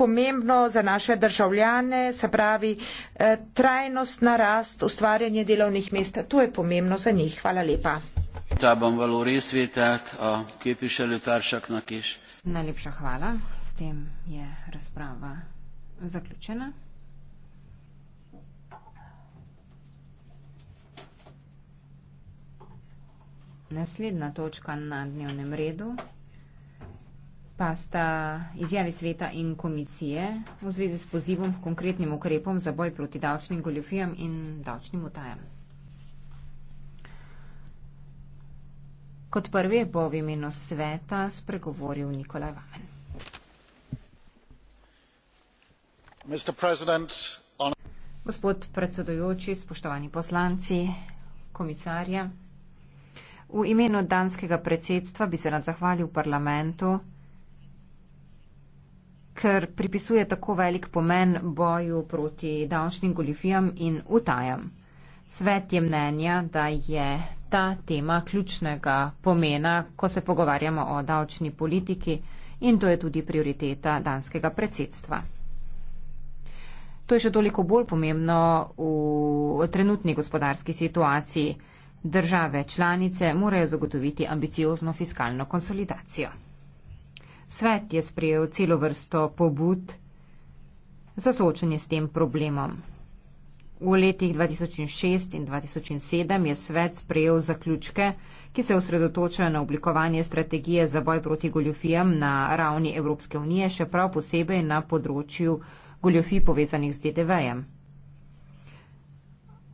pomembno za naše državljane, se pravi eh, trajnostna rast, ustvarjanje delovnih mest. To je pomembno za njih. Hvala lepa. Ta bom valori svetet, ki piše Ljutaršak na Kiš. Najlepša hvala. S tem je razprava zaključena. Naslednja točka na dnevnem redu pa sta izjavi sveta in komisije v zvezi s pozivom k konkretnim ukrepom za boj proti davčnim goljofijam in davčnim utajam. Kot prvi bo v imenu sveta spregovoril Nikolaj Vamen. Gospod predsedujoči, spoštovani poslanci, komisarja, v imenu danskega predsedstva bi se rad zahvalil parlamentu ker pripisuje tako velik pomen boju proti davčnim goljufijam in utajam. Svet je mnenja, da je ta tema ključnega pomena, ko se pogovarjamo o davčni politiki in to je tudi prioriteta danskega predsedstva. To je še toliko bolj pomembno v trenutni gospodarski situaciji. Države članice morajo zagotoviti ambiciozno fiskalno konsolidacijo svet je sprejel celo vrsto pobud za soočanje s tem problemom. V letih 2006 in 2007 je svet sprejel zaključke, ki se osredotočajo na oblikovanje strategije za boj proti goljofijam na ravni Evropske unije, še prav posebej na področju goljofij povezanih z DDV-jem.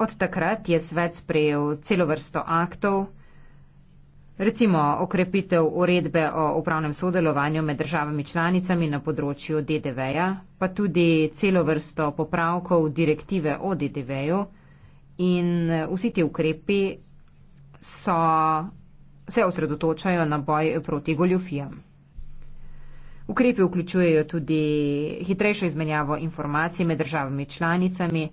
Od takrat je svet sprejel celo vrsto aktov, Recimo okrepitev uredbe o upravnem sodelovanju med državami članicami na področju DDV-ja, pa tudi celo vrsto popravkov direktive o DDV-ju in eh, vsi ti ukrepi so, se osredotočajo na boj proti goljufijam. Ukrepi vključujejo tudi hitrejšo izmenjavo informacij med državami članicami,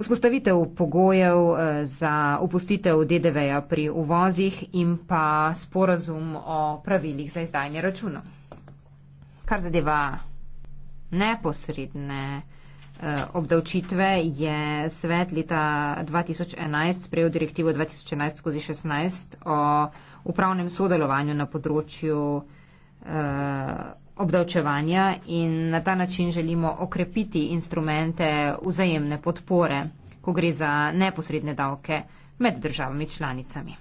Vzpostavitev pogojev eh, za upustitev DDV-ja pri uvozih in pa sporazum o pravilih za izdajanje računov. Kar zadeva neposredne eh, obdavčitve, je svet leta 2011 sprejel direktivo 2011-16 o upravnem sodelovanju na področju eh, obdavčevanja in na ta način želimo okrepiti instrumente vzajemne podpore, ko gre za neposredne davke med državami članicami.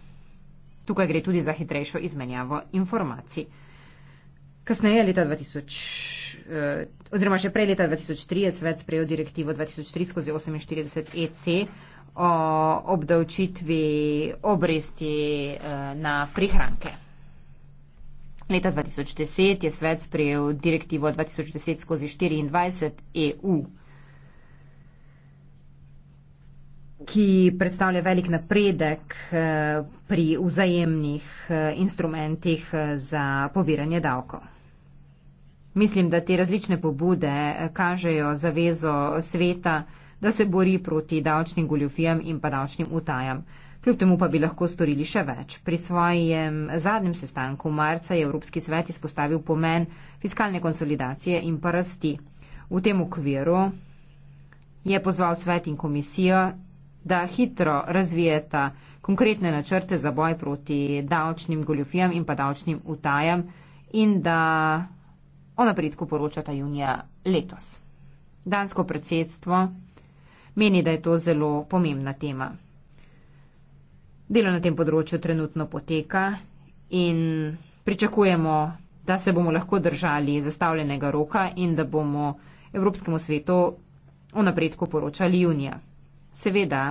Tukaj gre tudi za hitrejšo izmenjavo informacij. Kasneje leta 2000, eh, oziroma še prej leta 2003 je svet sprejel direktivo 2003-48 EC o obdavčitvi obresti eh, na prihranke. Leta 2010 je svet sprejel direktivo 2010-24 EU, ki predstavlja velik napredek eh, pri vzajemnih eh, instrumentih eh, za pobiranje davkov. Mislim, da te različne pobude kažejo zavezo sveta, da se bori proti davčnim goljofijam in pa davčnim utajam. Kljub temu pa bi lahko storili še več. Pri svojem zadnjem sestanku marca je Evropski svet izpostavil pomen fiskalne konsolidacije in pa rasti. V tem okviru je pozval svet in komisijo, da hitro razvijeta konkretne načrte za boj proti davčnim goljofijam in pa davčnim utajam in da o napredku poročata junija letos. Dansko predsedstvo meni, da je to zelo pomembna tema. Delo na tem področju trenutno poteka in pričakujemo, da se bomo lahko držali zastavljenega roka in da bomo Evropskemu svetu o napredku poročali junija. Seveda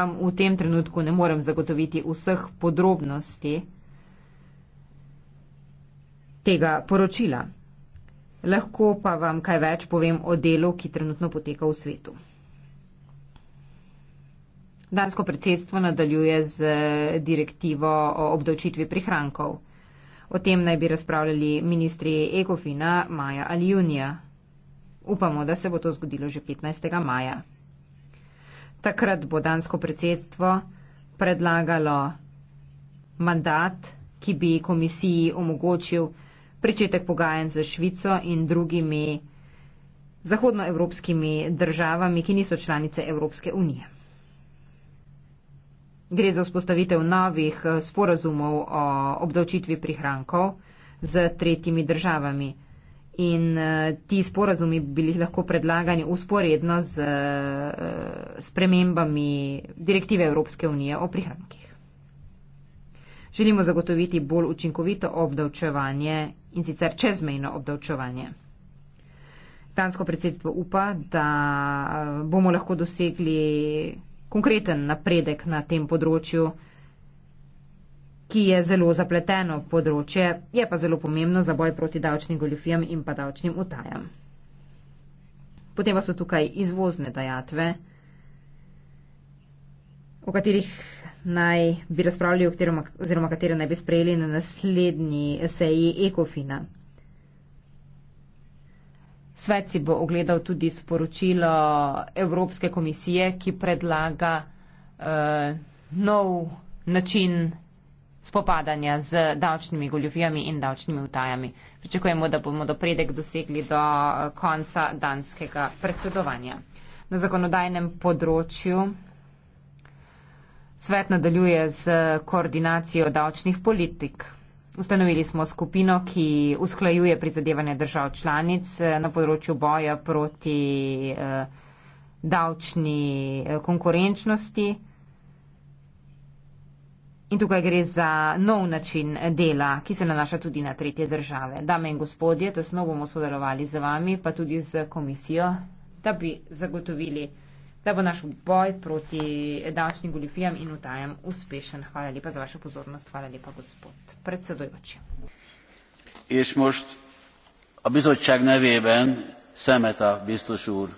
vam v tem trenutku ne morem zagotoviti vseh podrobnosti tega poročila. Lahko pa vam kaj več povem o delu, ki trenutno poteka v svetu. Dansko predsedstvo nadaljuje z eh, direktivo o obdavčitvi prihrankov. O tem naj bi razpravljali ministri Ekofina maja ali junija. Upamo, da se bo to zgodilo že 15. maja. Takrat bo dansko predsedstvo predlagalo mandat, ki bi komisiji omogočil pričetek pogajanj za Švico in drugimi zahodnoevropskimi državami, ki niso članice Evropske unije. Gre za vzpostavitev novih eh, sporazumov o obdavčitvi prihrankov z tretjimi državami. In eh, ti sporazumi bi bili lahko predlagani usporedno z eh, spremembami direktive Evropske unije o prihrankih. Želimo zagotoviti bolj učinkovito obdavčevanje in sicer čezmejno obdavčevanje. Dansko predsedstvo upa, da bomo lahko dosegli konkreten napredek na tem področju, ki je zelo zapleteno področje, je pa zelo pomembno za boj proti davčnim goljufijam in pa davčnim utajam. Potem pa so tukaj izvozne dajatve, o katerih naj bi razpravljali, oziroma katere naj bi sprejeli na naslednji seji Ekofina. Svet si bo ogledal tudi sporočilo Evropske komisije, ki predlaga uh, nov način spopadanja z davčnimi goljufijami in davčnimi utajami. Pričakujemo, da bomo dopredek dosegli do eh, konca danskega predsedovanja. Na zakonodajnem področju svet nadaljuje z koordinacijo davčnih politik. Ustanovili smo skupino, ki usklajuje prizadevanje držav članic eh, na področju boja proti eh, davčni eh, konkurenčnosti. In tukaj gre za nov način dela, ki se nanaša tudi na tretje države. Dame in gospodje, tesno bomo sodelovali z vami, pa tudi z komisijo, da bi zagotovili da bo naš boj proti davčnim goljufijam in utajam uspešen. Hvala lepa za vašo pozornost. Hvala lepa, gospod predsedujoči. És most a bizottság nevében Szemeta biztos úr.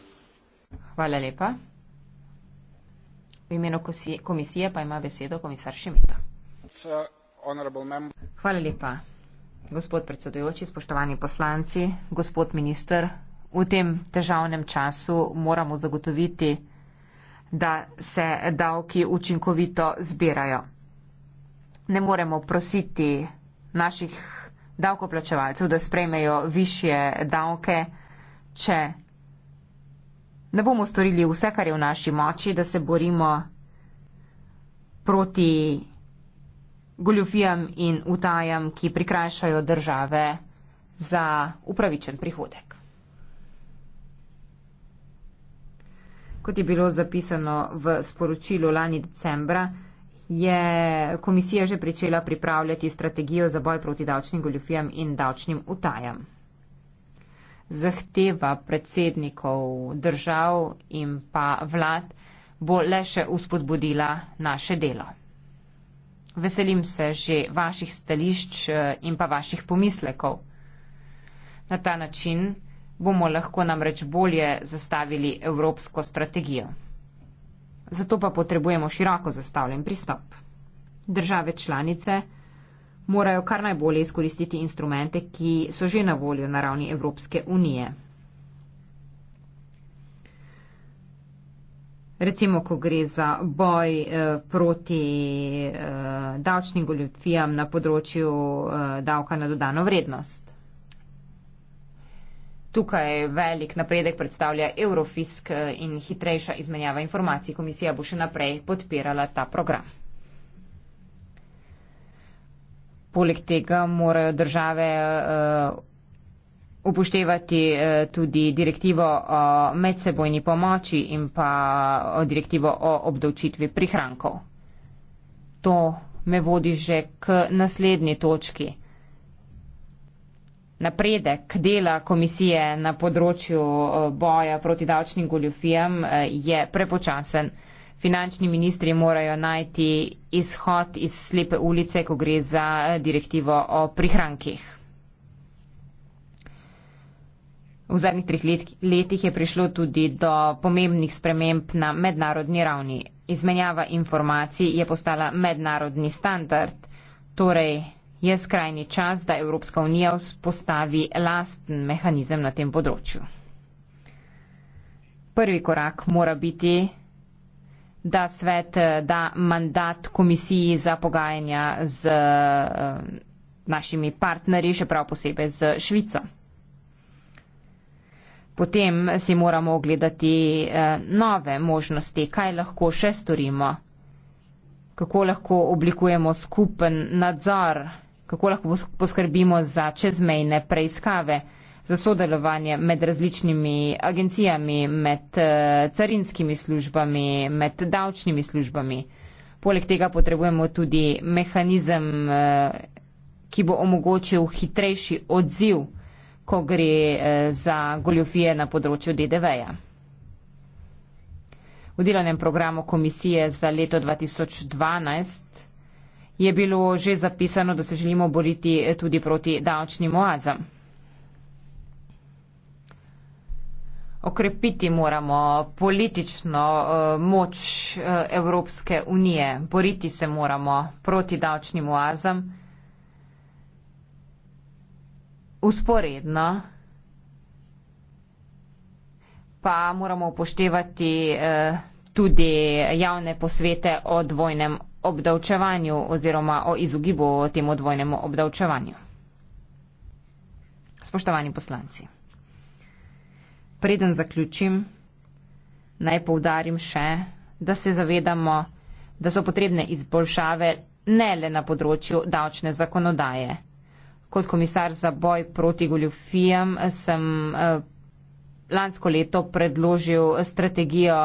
Hvala lépa. V imenu komisije pa ima besedo komisar Šemita. Hvala lepa, gospod predsedujoči, spoštovani poslanci, gospod minister. V tem težavnem času moramo zagotoviti da se davki učinkovito zbirajo. Ne moremo prositi naših davkoplačevalcev, da sprejmejo višje davke, če ne bomo storili vse, kar je v naši moči, da se borimo proti goljufijam in utajam, ki prikrajšajo države za upravičen prihodek. Kot je bilo zapisano v sporočilu lani decembra, je komisija že pričela pripravljati strategijo za boj proti davčnim goljufijam in davčnim utajam. Zahteva predsednikov držav in pa vlad bo le še uspodbudila naše delo. Veselim se že vaših stališč eh, in pa vaših pomislekov. Na ta način bomo lahko namreč bolje zastavili evropsko strategijo. Zato pa potrebujemo široko zastavljen pristop. Države članice morajo kar najbolje izkoristiti instrumente, ki so že na voljo na ravni Evropske unije. Recimo, ko gre za boj eh, proti eh, davčnim goljufijam na področju eh, davka na dodano vrednost. Tukaj velik napredek predstavlja Eurofisk eh, in hitrejša izmenjava informacij. Komisija bo še naprej podpirala ta program. Poleg tega morajo države. Uh, upoštevati eh, tudi direktivo o medsebojni pomoči in pa o direktivo o obdavčitvi prihrankov. To me vodi že k naslednji točki. Napredek dela komisije na področju eh, boja proti davčnim goljofijam eh, je prepočasen. Finančni ministri morajo najti izhod iz slepe ulice, ko gre za eh, direktivo o prihrankih. V zadnjih treh letih je prišlo tudi do pomembnih sprememb na mednarodni ravni. Izmenjava informacij je postala mednarodni standard, torej je skrajni čas, da Evropska unija vzpostavi lasten mehanizem na tem področju. Prvi korak mora biti, da svet eh, da mandat komisiji za pogajanja z eh, našimi partnerji, še prav posebej z Švico. Potem si moramo ogledati eh, nove možnosti, kaj lahko še storimo, kako lahko oblikujemo skupen nadzor kako lahko poskrbimo za čezmejne preiskave, za sodelovanje med različnimi agencijami, med eh, carinskimi službami, med davčnimi službami. Poleg tega potrebujemo tudi mehanizem, eh, ki bo omogočil hitrejši odziv, ko gre eh, za goljofije na področju DDV-ja. V delanem programu komisije za leto 2012 je bilo že zapisano, da se želimo boriti eh, tudi proti davčnim oazam. Okrepiti moramo politično uh, moč uh, Evropske unije, boriti se moramo proti davčnim oazam. Usporedno pa moramo upoštevati uh, tudi javne posvete o dvojnem obdavčevanju oziroma o izogibu temu dvojnemu obdavčevanju. Spoštovani poslanci, preden zaključim, naj povdarim še, da se zavedamo, da so potrebne izboljšave ne le na področju davčne zakonodaje. Kot komisar za boj proti goljufijam sem eh, lansko leto predložil strategijo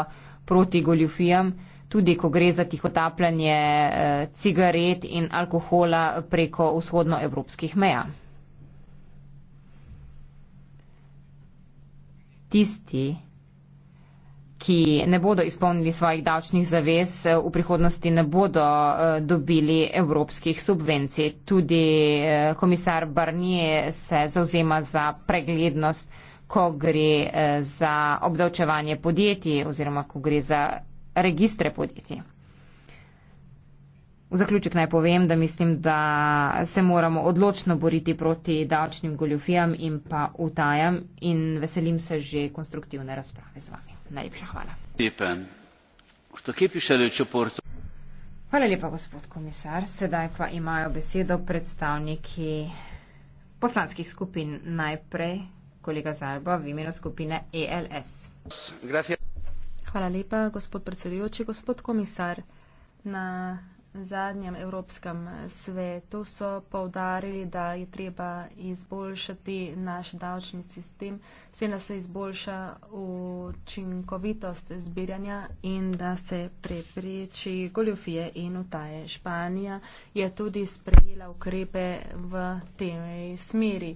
proti goljufijam, tudi ko gre za tihotapljanje eh, cigaret in alkohola preko vzhodnoevropskih meja. Tisti, ki ne bodo izpolnili svojih davčnih zavez, eh, v prihodnosti ne bodo eh, dobili evropskih subvencij. Tudi komisar Barnier se zauzema za preglednost, ko gre za obdavčevanje podjetij oziroma ko gre za registre podjetij. V zaključek naj povem, da mislim, da se moramo odločno boriti proti davčnim goljofijam in pa utajam in veselim se že konstruktivne razprave z vami. Najlepša hvala. Hvala lepa, gospod komisar. Sedaj pa imajo besedo predstavniki poslanskih skupin. Najprej kolega Zalba v imenu skupine ELS. Gracias. Hvala lepa, gospod predsedujoči, gospod komisar. Na zadnjem Evropskem svetu so povdarili, da je treba izboljšati naš davčni sistem, se da se izboljša učinkovitost zbiranja in da se prepriči goljofije in utaje. Španija je tudi sprejela ukrepe v tej smeri.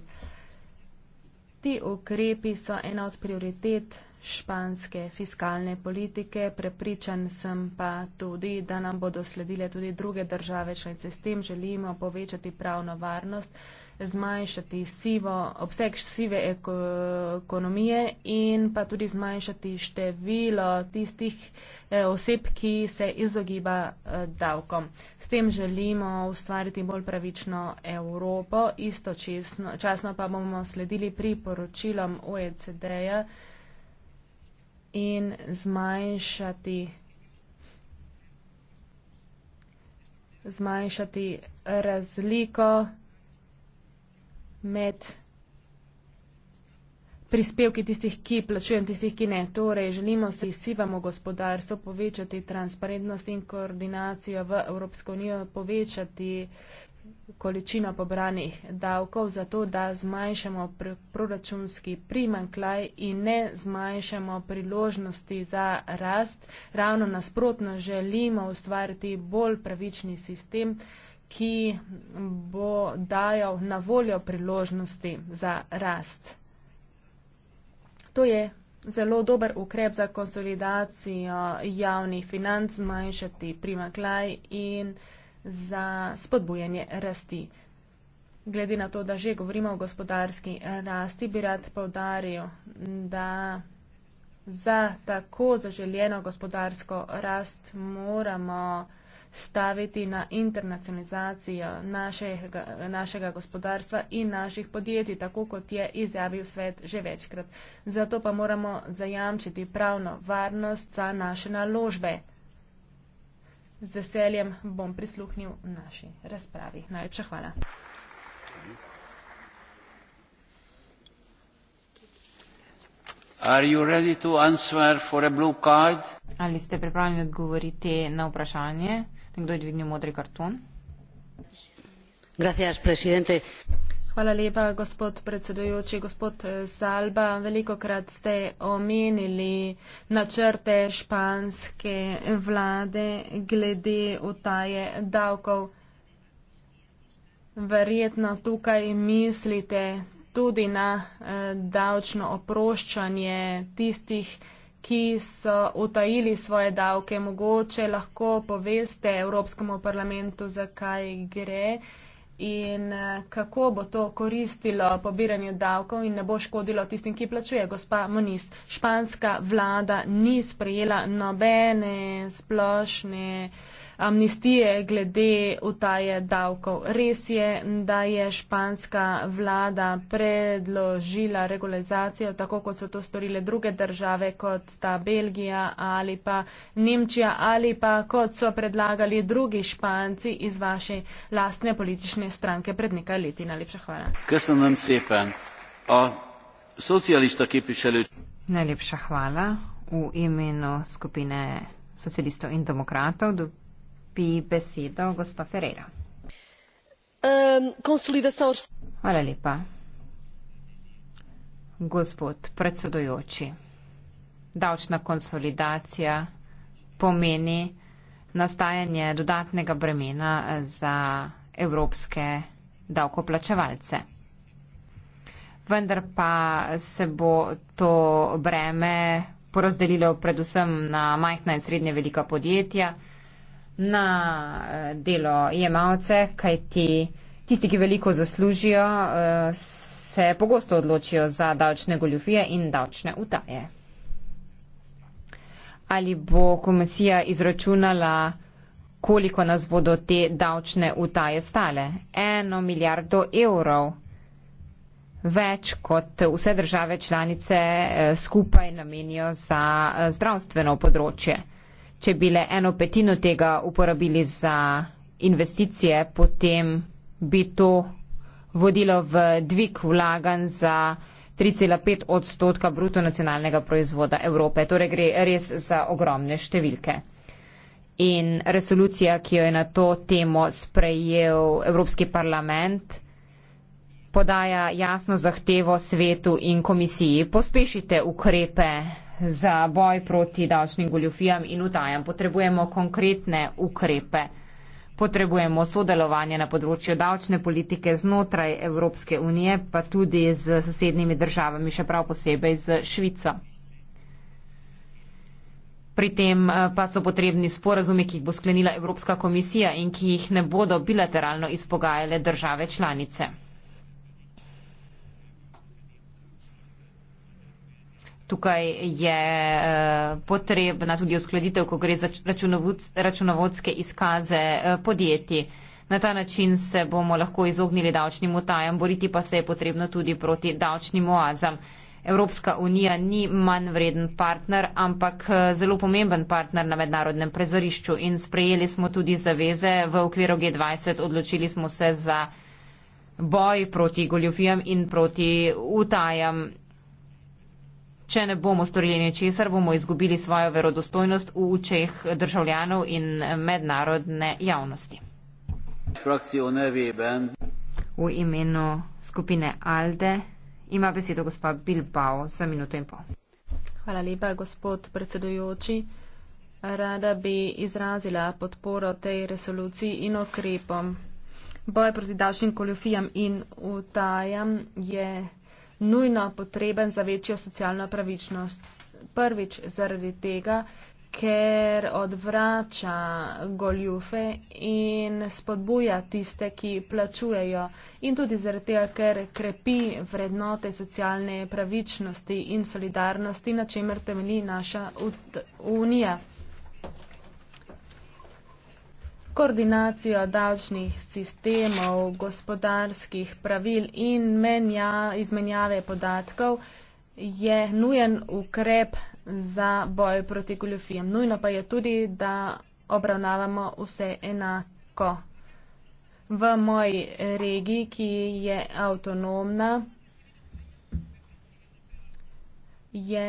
Ti ukrepi so ena od prioritet španske fiskalne politike. Prepričan sem pa tudi, da nam bodo sledile tudi druge države članice. S tem želimo povečati pravno varnost, zmanjšati sivo, obseg sive ekonomije in pa tudi zmanjšati število tistih eh, oseb, ki se izogiba eh, davkom. S tem želimo ustvariti bolj pravično Evropo, istočasno pa bomo sledili priporočilom OECD-ja. -ja in zmanjšati, zmanjšati razliko med prispevki tistih, ki plačujem, tistih, ki ne. Torej, želimo si, si bomo gospodarstvo povečati transparentnost in koordinacijo v Evropsko unijo, povečati količino pobranih davkov zato, da zmanjšamo pr proračunski primankljaj in ne zmanjšamo priložnosti za rast. Ravno nasprotno želimo ustvariti bolj pravični sistem, ki bo dajal na voljo priložnosti za rast. To je zelo dober ukrep za konsolidacijo javnih financ, zmanjšati primankljaj in za spodbujanje rasti. Glede na to, da že govorimo o gospodarski rasti, bi rad povdaril, da za tako zaželjeno gospodarsko rast moramo staviti na internacionalizacijo našega, našega gospodarstva in naših podjetij, tako kot je izjavil svet že večkrat. Zato pa moramo zajamčiti pravno varnost za naše naložbe z veseljem bom prisluhnil naši razpravi. Najlepša hvala. Are you ready to answer for a blue card? Ali ste pripravljeni odgovoriti na vprašanje? Nekdo je dvignil modri karton. Gracias, presidente. Hvala lepa, gospod predsedujoči. Gospod Salba, eh, veliko krat ste omenili načrte španske vlade glede utaje davkov. Verjetno tukaj mislite tudi na eh, davčno oproščanje tistih, ki so utajili svoje davke. Mogoče lahko poveste Evropskemu parlamentu, zakaj gre in eh, kako bo to koristilo pobiranju davkov in ne bo škodilo tistim, ki plačuje. Gospa Moniz, španska vlada ni sprejela nobene splošne amnestije glede utaje davkov. Res je, da je španska vlada predložila regularizacijo, tako kot so to storile druge države, kot sta Belgija ali pa Nemčija ali pa kot so predlagali drugi španci iz vaše lastne politične stranke pred nekaj leti. Najlepša hvala. Najlepša hvala. V imenu skupine socialistov in demokratov bi besedo gospa Ferreira. Konsolidacija. Hvala lepa. Gospod predsedujoči, davčna konsolidacija pomeni nastajanje dodatnega bremena za evropske davkoplačevalce. Vendar pa se bo to breme porazdelilo predvsem na majhna in srednje velika podjetja, na eh, delo jemalce, kajti tisti, ki veliko zaslužijo, eh, se pogosto odločijo za davčne goljufije in davčne utaje. Ali bo komisija izračunala, koliko nas bodo te davčne utaje stale? Eno milijardo evrov več kot vse države članice eh, skupaj namenijo za zdravstveno področje če bi le eno petino tega uporabili za investicije, potem bi to vodilo v dvig vlagan za 3,5 odstotka bruto nacionalnega proizvoda Evrope. Torej gre res za ogromne številke. In resolucija, ki jo je na to temo sprejel Evropski parlament, podaja jasno zahtevo svetu in komisiji. Pospešite ukrepe za boj proti davčnim goljufijam in utajam potrebujemo konkretne ukrepe. Potrebujemo sodelovanje na področju davčne politike znotraj Evropske unije, pa tudi z sosednjimi državami, še prav posebej z Švico. Pri tem eh, pa so potrebni sporazumi, ki jih bo sklenila Evropska komisija in ki jih ne bodo bilateralno izpogajale države članice. Tukaj je eh, potrebna tudi uskladitev, ko gre za računovodske izkaze eh, podjetij. Na ta način se bomo lahko izognili davčnim utajam, boriti pa se je potrebno tudi proti davčnim oazam. Evropska unija ni manj vreden partner, ampak eh, zelo pomemben partner na mednarodnem prezorišču in sprejeli smo tudi zaveze v okviru G20. Odločili smo se za boj proti goljofijam in proti utajam. Če ne bomo storili ničesar, bomo izgubili svojo verodostojnost v učeh državljanov in mednarodne javnosti. V imenu skupine Alde ima besedo gospa Bilbao za minuto in pol. Hvala lepa, gospod predsedujoči. Rada bi izrazila podporo tej resoluciji in okrepom. Boj proti davčnim koljofijam in utajam je nujno potreben za večjo socialno pravičnost. Prvič zaradi tega, ker odvrača goljufe in spodbuja tiste, ki plačujejo in tudi zaradi tega, ker krepi vrednote socialne pravičnosti in solidarnosti, na čemer temelji naša unija koordinacijo davčnih sistemov, gospodarskih pravil in menja, izmenjave podatkov je nujen ukrep za boj proti goljofijam. Nujno pa je tudi, da obravnavamo vse enako. V moji regiji, ki je avtonomna, je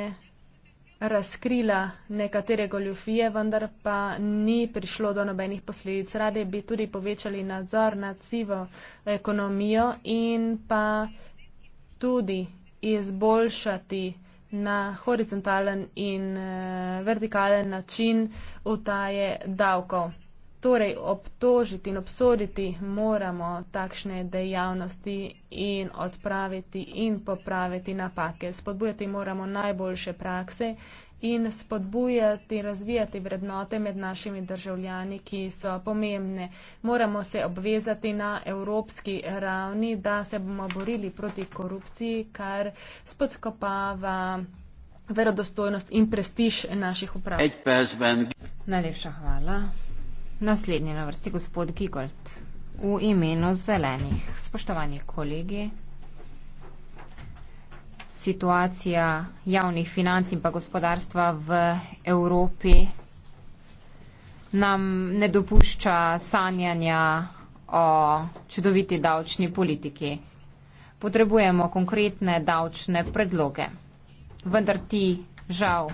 razkrila nekatere goljofije, vendar pa ni prišlo do nobenih posledic. Radi bi tudi povečali nadzor nad sivo ekonomijo in pa tudi izboljšati na horizontalen in eh, vertikalen način utaje davkov torej obtožiti in obsoditi moramo takšne dejavnosti in odpraviti in popraviti napake. Spodbujati moramo najboljše prakse in spodbujati, razvijati vrednote med našimi državljani, ki so pomembne. Moramo se obvezati na evropski ravni, da se bomo borili proti korupciji, kar spodkopava verodostojnost in prestiž naših uprav. Najlepša hvala. Naslednji na vrsti gospod Gigolt v imenu zelenih. Spoštovani kolegi, situacija javnih financ in pa gospodarstva v Evropi nam ne dopušča sanjanja o čudoviti davčni politiki. Potrebujemo konkretne davčne predloge. Vendar ti žal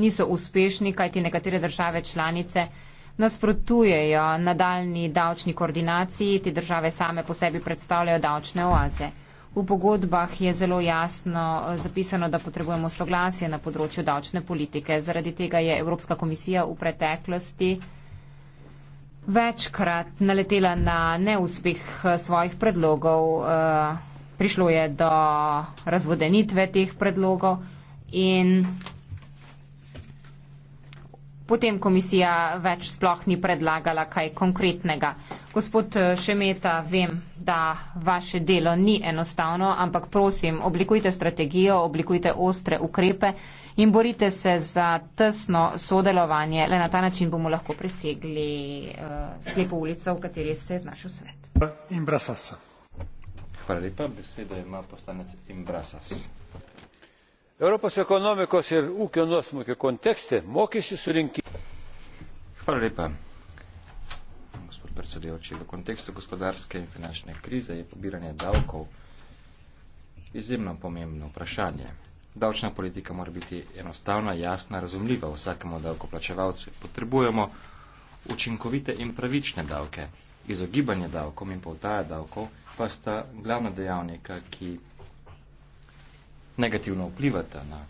niso uspešni, kajti nekatere države članice nasprotujejo nadaljni davčni koordinaciji, te države same po sebi predstavljajo davčne oaze. V pogodbah je zelo jasno eh, zapisano, da potrebujemo soglasje na področju davčne politike. Zaradi tega je Evropska komisija v preteklosti večkrat naletela na neuspeh eh, svojih predlogov. Eh, prišlo je do razvodenitve teh predlogov in potem komisija več sploh ni predlagala kaj konkretnega. Gospod eh, Šemeta, vem, da vaše delo ni enostavno, ampak prosim, oblikujte strategijo, oblikujte ostre ukrepe in borite se za tesno sodelovanje. Le na ta način bomo lahko presegli uh, slepo ulico, v kateri se je znašel svet. Hvala lepa. Beseda ima poslanec Imbrasas europos ekonomikos ir ūkio nuosmukio kontekste mokesčių surinkimas. Hvala lepa. Gospod predsedujoči, v kontekstu gospodarske in finančne krize je pobiranje davkov izjemno pomembno vprašanje. Davčna politika mora biti enostavna, jasna, razumljiva vsakemu davkoplačevalcu. Potrebujemo učinkovite in pravične davke. Izogibanje davkom in povtaja davkov pa sta glavna dejavnika, ki negativno vplivata na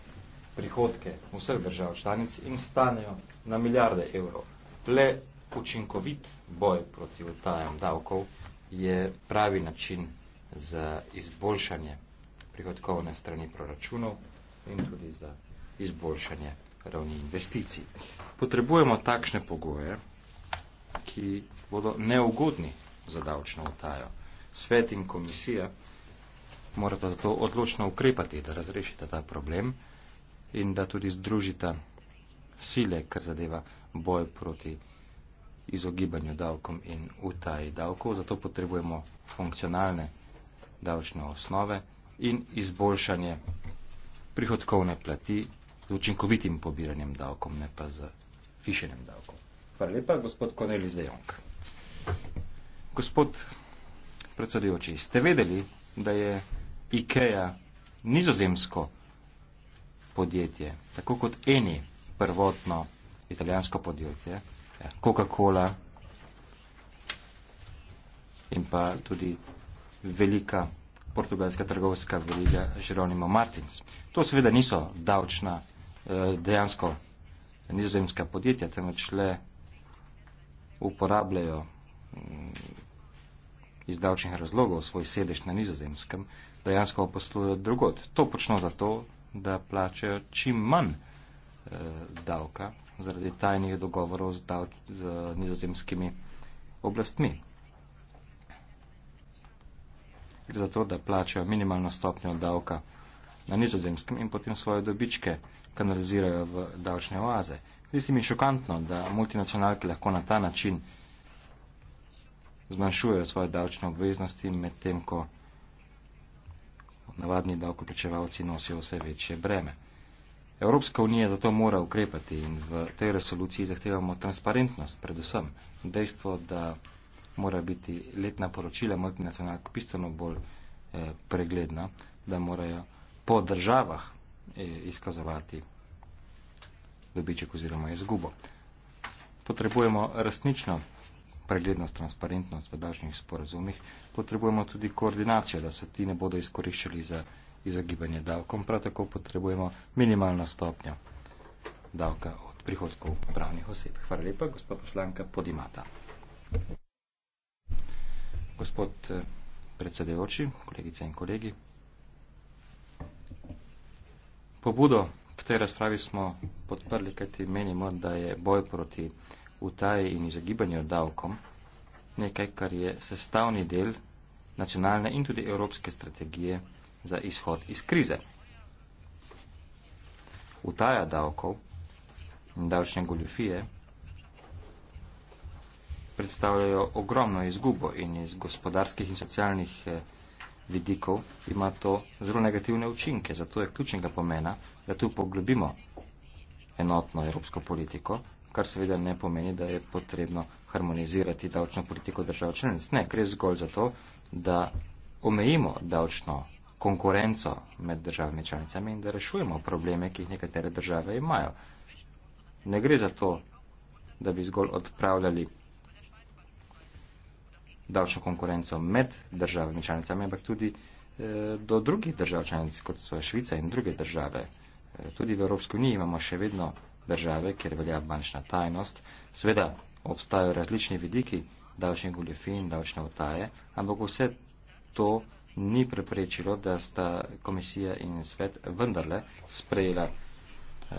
prihodke vseh držav članic in stanejo na milijarde evrov. Le učinkovit boj proti utajam davkov je pravi način za izboljšanje prihodkovne strani proračunov in tudi za izboljšanje ravni investicij. Potrebujemo takšne pogoje, ki bodo neugodni za davčno utajo. Svet in komisija morata zato odločno ukrepati, da razrešite ta problem in da tudi združite sile, kar zadeva boj proti izogibanju davkom in utaji davkov. Zato potrebujemo funkcionalne davčne osnove in izboljšanje prihodkovne plati z učinkovitim pobiranjem davkom, ne pa z fišenjem davkov. Hvala lepa, gospod Koneli Zdejonk. Gospod predsedujoči, ste vedeli, da je IKEA, nizozemsko podjetje, tako kot Eni, prvotno italijansko podjetje, ja, Coca-Cola in pa tudi velika portugalska trgovska veliga Jeronimo Martins. To seveda niso davčna, eh, dejansko nizozemska podjetja, temveč le uporabljajo mm, iz davčnih razlogov svoj sedež na nizozemskem, dejansko poslujejo drugot. To počno zato, da plačajo čim manj eh, davka zaradi tajnih dogovorov z, dav, z eh, nizozemskimi oblastmi. Gre za to, da plačajo minimalno stopnjo davka na nizozemskem in potem svoje dobičke kanalizirajo v davčne oaze. Zdi se mi šokantno, da multinacionalke lahko na ta način zmanjšujejo svoje davčne obveznosti, medtem ko navadni davkoplačevalci nosijo vse večje breme. Evropska unija zato mora ukrepati in v tej resoluciji zahtevamo transparentnost, predvsem dejstvo, da mora biti letna poročila multinacionalk bistveno bolj eh, pregledna, da morajo po državah eh, izkazovati dobiček oziroma izgubo. Potrebujemo resnično preglednost, transparentnost v davčnih sporazumih, potrebujemo tudi koordinacijo, da se ti ne bodo izkoriščali za izogibanje davkom, prav tako potrebujemo minimalno stopnjo davka od prihodkov pravnih oseb. Hvala lepa, gospod poslanka Podimata. Gospod eh, predsedujoči, kolegice in kolegi, pobudo k tej razpravi smo podprli, kajti menimo, da je boj proti utaje in izogibanju davkom, nekaj, kar je sestavni del nacionalne in tudi evropske strategije za izhod iz krize. Utaja davkov in davčne goljufije predstavljajo ogromno izgubo in iz gospodarskih in socialnih eh, vidikov ima to zelo negativne učinke. Zato je ključnega pomena, da tu poglobimo enotno evropsko politiko kar seveda ne pomeni, da je potrebno harmonizirati davčno politiko držav članic. Ne, gre zgolj za to, da omejimo davčno konkurenco med državami članicami in da rešujemo probleme, ki jih nekatere države imajo. Ne gre za to, da bi zgolj odpravljali davčno konkurenco med državami članicami, ampak tudi eh, do drugih držav članic, kot so Švica in druge države. Eh, tudi v Evropski uniji imamo še vedno države, kjer velja bančna tajnost, sveda obstajajo različni vidiki davčne goljofije in davčne otaje, ampak vse to ni preprečilo, da sta komisija in svet vendarle sprejela uh,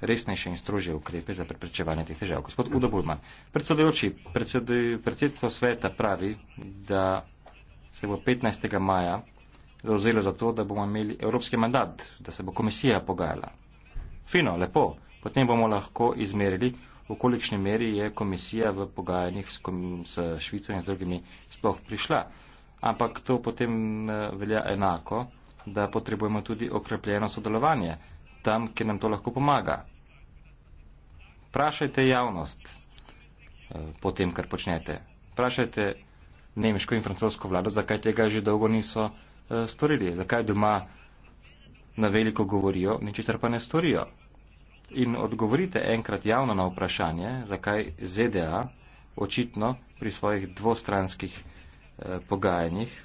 resnejše in strožje ukrepe za preprečevanje teh težav. Gospod Udo Bulman, predsedujoči, predsedstvo sveta pravi, da se bo 15. maja zauzelo za to, da bomo imeli evropski mandat, da se bo komisija pogajala. Fino, lepo. Potem bomo lahko izmerili, v kolikšni meri je komisija v pogajanjih s, kom, s Švico in z drugimi sploh prišla. Ampak to potem eh, velja enako, da potrebujemo tudi okrepljeno sodelovanje tam, kjer nam to lahko pomaga. Prašajte javnost eh, po tem, kar počnete. Prašajte nemško in francosko vlado, zakaj tega že dolgo niso eh, storili, zakaj doma na veliko govorijo, ničesar pa ne storijo. In odgovorite enkrat javno na vprašanje, zakaj ZDA očitno pri svojih dvostranskih eh, pogajanjih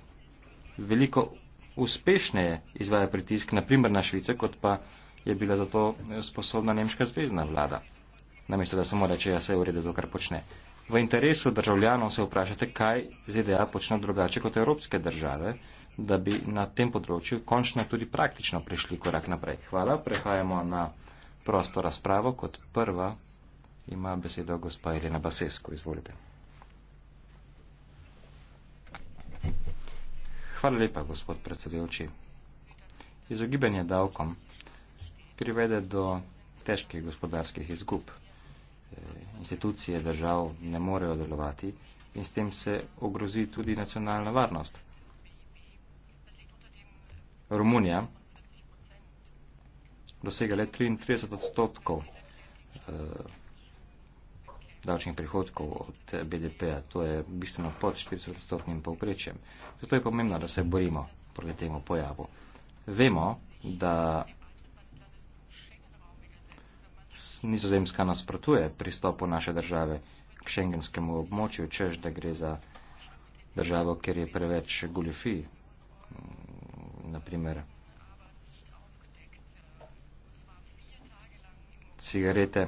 veliko uspešneje izvaja pritisk, naprimer na Švico, kot pa je bila za to eh, sposobna nemška zvezdna vlada. Namesto, da samo reče, ja se je uredil, kar počne. V interesu državljanov se vprašate, kaj ZDA počne drugače kot evropske države, da bi na tem področju končno tudi praktično prišli korak naprej. Hvala. Prehajamo na prosto razpravo. Kot prva ima besedo gospa Irina Basesko. Izvolite. Hvala lepa, gospod predsedujoči. Izogibanje davkom privede do težkih gospodarskih izgub. Eh, institucije držav ne morejo delovati in s tem se ogrozi tudi nacionalna varnost. Romunija dosega le 33 odstotkov eh, davčnih prihodkov od eh, BDP-a. To je bistveno pod 40 odstotnim povprečjem. Zato je pomembno, da se borimo proti temu pojavu. Vemo, da nizozemska nasprotuje pristopu naše države k šengenskemu območju, čež da gre za državo, kjer je preveč goljofij naprimer cigarete,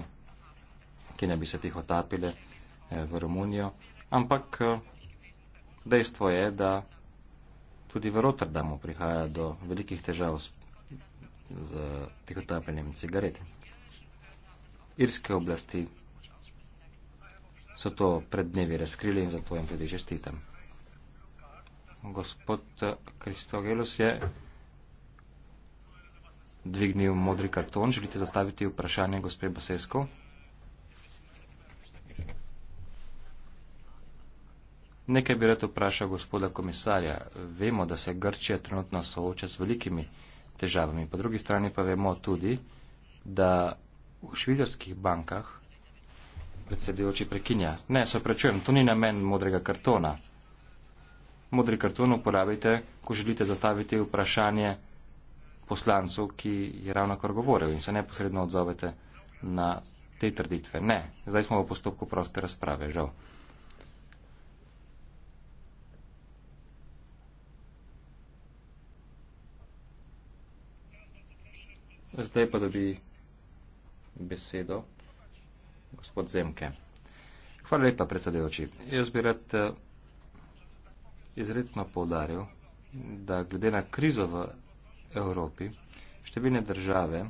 ki ne bi se tiho tapile eh, v Romunijo, ampak eh, dejstvo je, da tudi v Rotterdamu prihaja do velikih težav s, z tiho tapljenjem cigaret. Irske oblasti so to pred dnevi razkrili in zato jim tudi čestitam gospod Kristogelos je dvignil modri karton. Želite zastaviti vprašanje gospe Basesko? Nekaj bi rad vprašal gospoda komisarja. Vemo, da se Grčija trenutno sooča z velikimi težavami. Po drugi strani pa vemo tudi, da v švicarskih bankah predsedujoči prekinja. Ne, se prečujem, to ni namen modrega kartona modri karton uporabite, ko želite zastaviti vprašanje poslancu, ki je ravno kar govoril in se neposredno odzovete na te trditve. Ne, zdaj smo v postopku proste razprave, žal. Zdaj pa dobi besedo gospod Zemke. Hvala lepa, predsedujoči. Jaz bi rad eh, izredno podaril, da glede na krizo v Evropi, številne države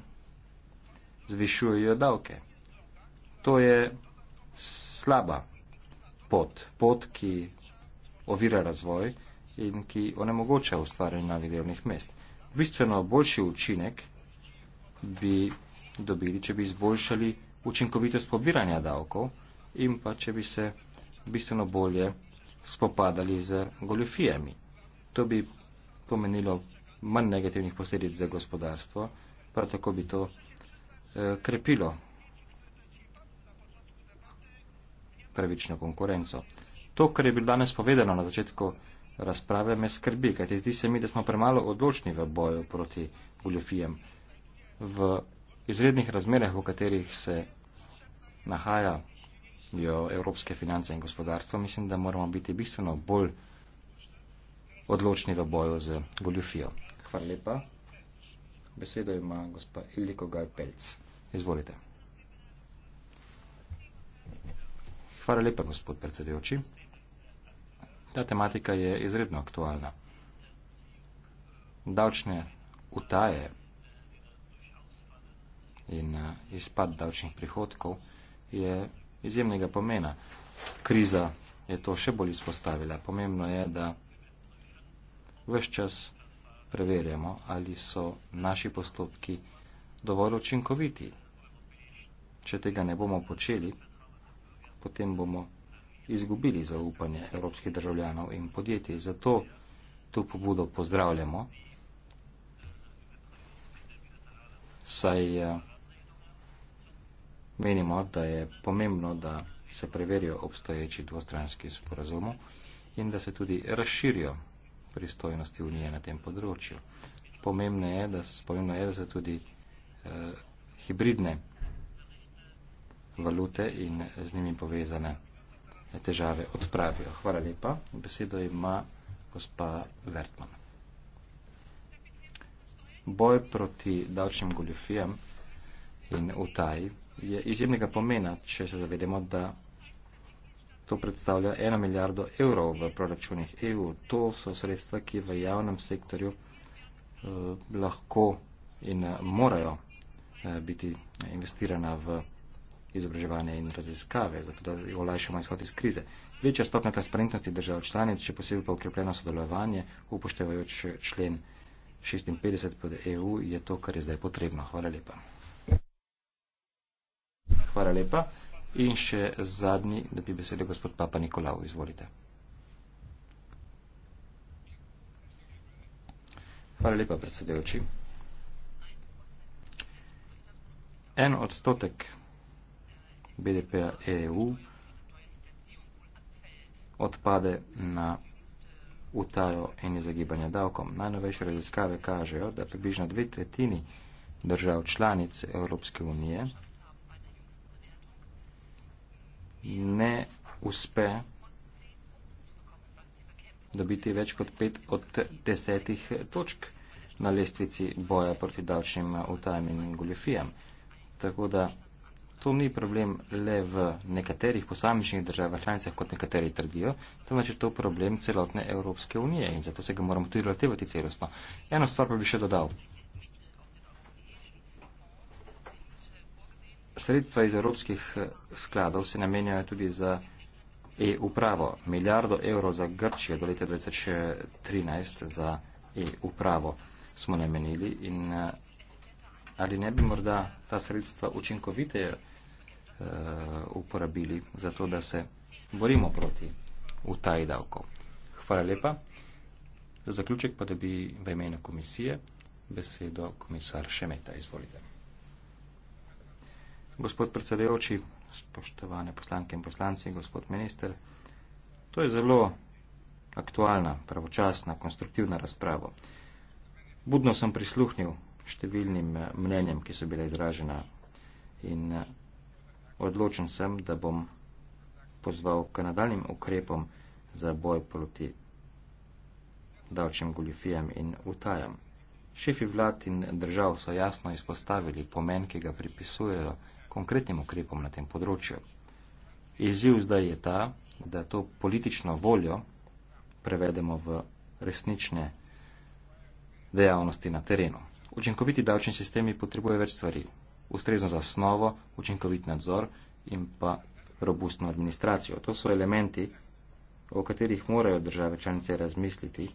zvišujejo davke. To je slaba pot, pot, ki ovira razvoj in ki onemogoča ustvarjanje novih delovnih mest. Bistveno boljši učinek bi dobili, če bi izboljšali učinkovitost pobiranja davkov in pa če bi se bistveno bolje spopadali z goljufijami. To bi pomenilo manj negativnih posledic za gospodarstvo, prav tako bi to eh, krepilo pravično konkurenco. To, kar je bilo danes povedano na začetku razprave, me skrbi, kajti zdi se mi, da smo premalo odločni v boju proti goljufijem. V izrednih razmerah, v katerih se nahaja jo evropske finance in gospodarstvo, mislim, da moramo biti bistveno bolj odločni v boju z goljufijo. Hvala lepa. Besedo ima gospa Iliko Gajpelc. Izvolite. Hvala lepa, gospod predsedujoči. Ta tematika je izredno aktualna. Davčne utaje in eh, izpad davčnih prihodkov je izjemnega pomena. Kriza je to še bolj izpostavila. Pomembno je, da vse čas preverjamo, ali so naši postopki dovolj učinkoviti. Če tega ne bomo počeli, potem bomo izgubili zaupanje evropskih državljanov in podjetij. Zato to pobudo pozdravljamo, saj je. Uh, Menimo, da je pomembno, da se preverijo obstoječi dvostranski sporazumu in da se tudi razširijo pristojnosti Unije na tem področju. Pomembno je, da, pomembno je, da se tudi eh, hibridne valute in z njimi povezane težave odpravijo. Hvala lepa. Besedo ima gospa Vertman. Boj proti davčnim goljofijam in utaji je izjemnega pomena, če se zavedemo, da to predstavlja eno milijardo evrov v proračunih EU. To so sredstva, ki v javnem sektorju eh, lahko in eh, morajo eh, biti investirana v izobraževanje in raziskave, zato da olajšamo izhod iz krize. Večja stopnja transparentnosti držav članic, še posebej pa ukrepljeno sodelovanje, upoštevajoč člen 56 pod EU, je to, kar je zdaj potrebno. Hvala lepa. Hvala lepa. In še zadnji, da bi besedo gospod Papa Nikolao. Izvolite. Hvala lepa, predsedujoči. En odstotek BDP-ja EU odpade na utajo in izogibanje davkom. Najnovejše raziskave kažejo, da približno dve tretjini držav članic Evropske unije ne uspe dobiti več kot pet od desetih točk na lestvici boja proti davčnim eh, utajem in goljofijam. Tako da to ni problem le v nekaterih posamičnih državah članicah, kot nekateri trdijo, temveč je to problem celotne Evropske unije in zato se ga moramo tudi relativati celostno. Eno stvar pa bi še dodal. Sredstva iz evropskih eh, skladov se namenjajo tudi za e-upravo. Milijardo evrov za Grčijo do leta 2013 za e-upravo smo namenili in eh, ali ne bi morda ta sredstva učinkoviteje uh, uporabili za to, da se borimo proti utaji davkov. Hvala lepa. Za zaključek pa da bi v imenu komisije besedo komisar Šemeta. Izvolite. Gospod predsedujoči, spoštovane poslanke in poslanci, gospod minister, to je zelo aktualna, pravočasna, konstruktivna razprava. Budno sem prisluhnil številnim eh, mnenjem, ki so bile izražena in eh, odločen sem, da bom pozval k nadaljnim ukrepom za boj proti davčnim goljufijam in utajam. Šefi vlad in držav so jasno izpostavili pomen, ki ga pripisujejo konkretnim ukrepom na tem področju. Izziv zdaj je ta, da to politično voljo prevedemo v resnične dejavnosti na terenu. Učinkoviti davčni sistemi potrebuje več stvari. Ustrezno zasnovo, učinkovit nadzor in pa robustno administracijo. To so elementi, o katerih morajo države članice razmisliti,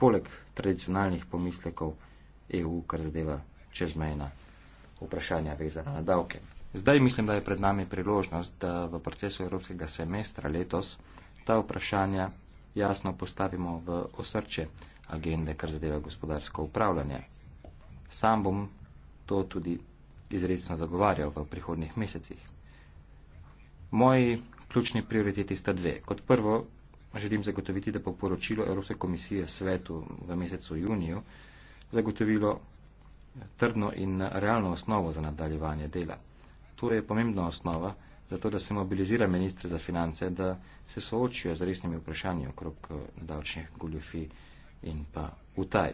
poleg tradicionalnih pomislekov EU, kar zadeva čezmejna vprašanja vezana na davke. Zdaj mislim, da je pred nami priložnost, da v procesu evropskega semestra letos ta vprašanja jasno postavimo v osrče agende, kar zadeva gospodarsko upravljanje. Sam bom to tudi izredno zagovarjal v prihodnih mesecih. Moji ključni prioriteti sta dve. Kot prvo, želim zagotoviti, da bo poročilo Evropske komisije svetu v mesecu juniju zagotovilo trdno in realno osnovo za nadaljevanje dela. To je pomembna osnova, zato da se mobilizira ministre za finance, da se soočijo z resnimi vprašanji okrog eh, davčnih goljufij in pa utaj.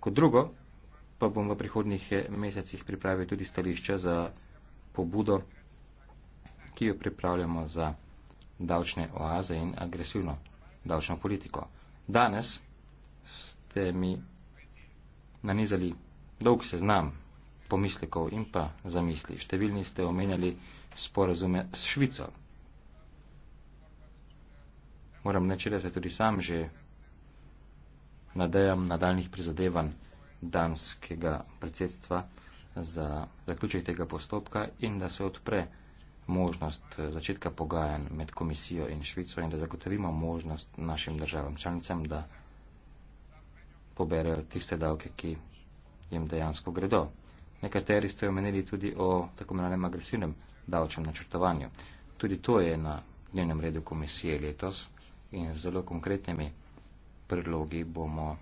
Kot drugo, pa bom v prihodnih eh, mesecih pripravil tudi stališče za pobudo, ki jo pripravljamo za davčne oaze in agresivno davčno politiko. Danes ste mi nanizali dolg seznam pomislekov in pa zamisli. Številni ste omenjali sporazume s Švico. Moram reči, da se tudi sam že nadejam nadaljnih prizadevanj danskega predsedstva za zaključek tega postopka in da se odpre možnost začetka pogajanj med komisijo in Švico in da zagotovimo možnost našim državam članicam, da poberejo tiste davke, ki jim dejansko gredo. Nekateri ste omenili tudi o tako imenovanem agresivnem davčnem načrtovanju. Tudi to je na dnevnem redu komisije letos in z zelo konkretnimi predlogi bomo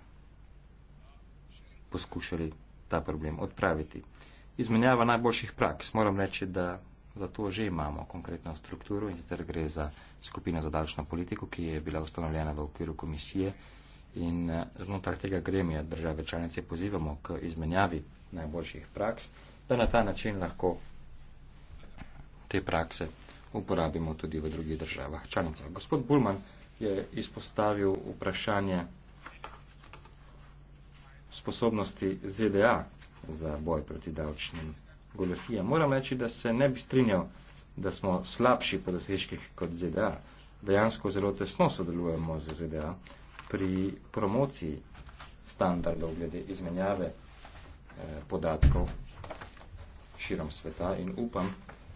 poskušali ta problem odpraviti. Izmenjava najboljših praks. Moram reči, da zato že imamo konkretno strukturo in sicer gre za skupino za davčno politiko, ki je bila ustanovljena v okviru komisije in eh, znotraj tega gremija države članice pozivamo k izmenjavi najboljših praks, da na ta način lahko te prakse uporabimo tudi v drugih državah članicah. Gospod Bulman je izpostavil vprašanje sposobnosti ZDA za boj proti davčnim goljofijam. Moram reči, da se ne bi strinjal, da smo slabši po dosežkih kot ZDA. Dejansko zelo tesno sodelujemo z ZDA pri promociji standardov glede izmenjave eh, podatkov širom sveta in upam,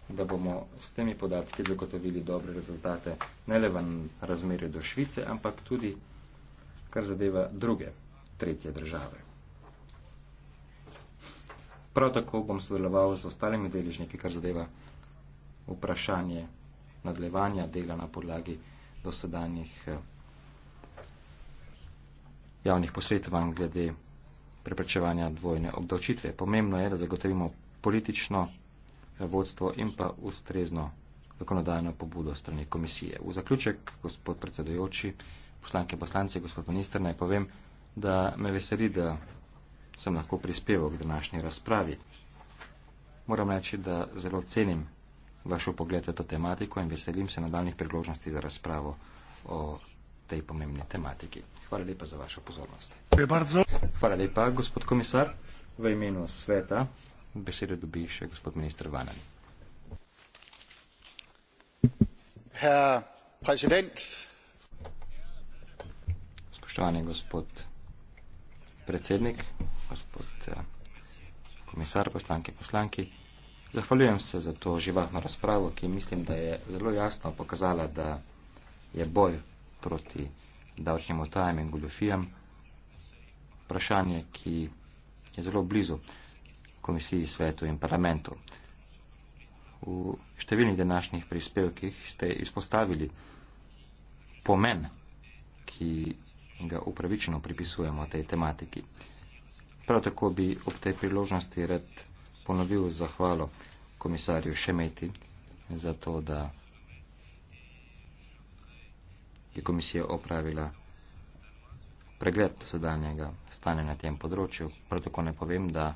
da bomo s temi podatki zagotovili dobre rezultate ne le v razmerju do Švice, ampak tudi kar zadeva druge, tretje države. Prav tako bom sodeloval z ostalimi deležniki, kar zadeva vprašanje nadlevanja dela na podlagi dosedanjih eh, javnih posvetovanj glede preprečevanja dvojne obdavčitve. Pomembno je, da zagotovimo politično vodstvo in pa ustrezno zakonodajno pobudo strani komisije. V zaključek, gospod predsedujoči, poslanke poslanci, gospod minister, naj povem, da me veseli, da sem lahko prispeval k današnji razpravi. Moram reči, da zelo cenim vašo pogled v to tematiko in veselim se nadaljnih priložnosti za razpravo o tej pomembni tematiki. Hvala lepa za vašo pozornost. Hvala lepa, gospod komisar. V imenu sveta besedo dobi še gospod minister Vanan. Spoštovani gospod predsednik, gospod eh, komisar, poslanki, poslanki. Zahvaljujem se za to živahno razpravo, ki mislim, da je zelo jasno pokazala, da je boj proti davčnim otajam in goljofijam. Vprašanje, ki je zelo blizu komisiji, svetu in parlamentu. V številnih današnjih prispevkih ste izpostavili pomen, ki ga upravičeno pripisujemo tej tematiki. Prav tako bi ob tej priložnosti rad ponovil zahvalo komisarju Šemeti za to, da je komisija opravila pregled dosedanjega stanja na tem področju. Prav tako ne povem, da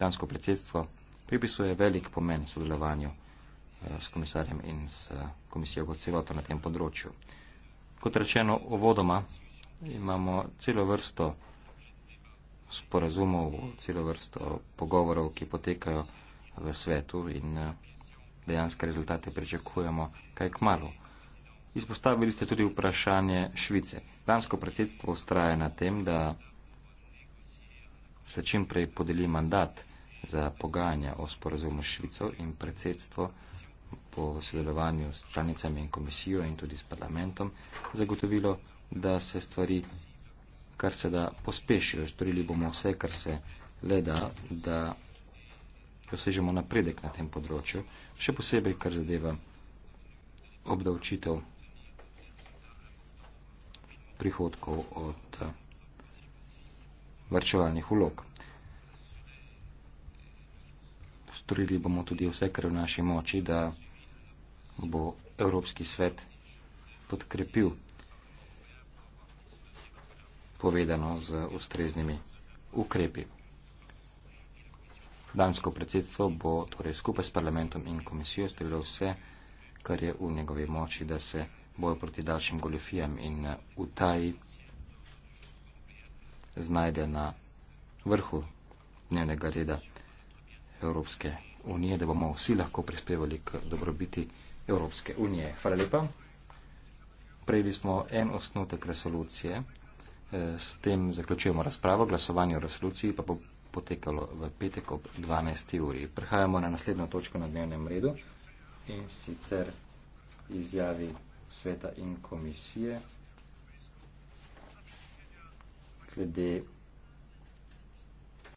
dansko predsedstvo pripisuje velik pomen sodelovanju eh, s komisarjem in s eh, komisijo kot celoto na tem področju. Kot rečeno, uvodoma imamo celo vrsto sporazumov, celo vrsto pogovorov, ki potekajo v svetu in eh, dejanske rezultate pričakujemo kaj k malu. Izpostavili ste tudi vprašanje Švice. Dansko predsedstvo ustraja na tem, da se čim prej podeli mandat za pogajanja o sporazumu s Švico in predsedstvo po sodelovanju s članicami in komisijo in tudi s parlamentom zagotovilo, da se stvari kar se da pospešijo. Storili bomo vse, kar se le da, da dosežemo napredek na tem področju, še posebej, kar zadeva obdavčitev prihodkov od eh, vrčevalnih ulog. Storili bomo tudi vse, kar v naši moči, da bo Evropski svet podkrepil povedano z ustreznimi ukrepi. Dansko predsedstvo bo torej skupaj s parlamentom in komisijo storilo vse, kar je v njegovi moči, da se boju proti daljšim goljofijam in eh, v taj znajde na vrhu dnevnega reda Evropske unije, da bomo vsi lahko prispevali k dobrobiti Evropske unije. Hvala lepa. Prejeli smo en osnutek resolucije, eh, s tem zaključujemo razpravo, glasovanje o resoluciji pa bo potekalo v petek ob 12. uri. Prehajamo na naslednjo točko na dnevnem redu in sicer izjavi sveta in komisije glede